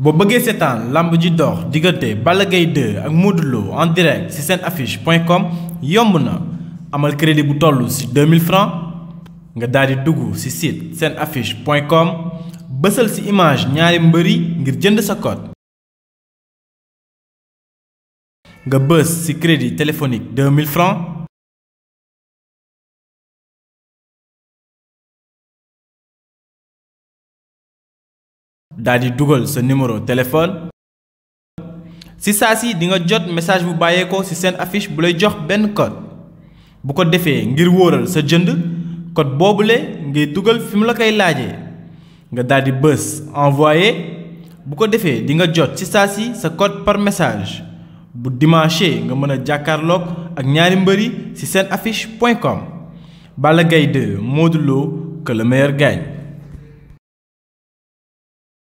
bo beugé seetaan lamb ji dox diggante Balla 2 ak modulo en direct ci senaffiche.com yomb na amal crédit bu tollu ci 2000 francs nga daldi di dugg ci site senaffiche.com affiche ci image ñaari mbëri ngir jënd sa code. nga bës ci crédit téléphonique 2000 francs Daddy Google ce numéro téléphone si ça si di nga message bu Si ci un affiche bu lay jox code bu ko défé ngir vous sa code vous ngay la nga di bu ko défé di nga code par message bu dimanche nga un jakarlok ak ñaari mbëri affiche point com de que le meilleur gagne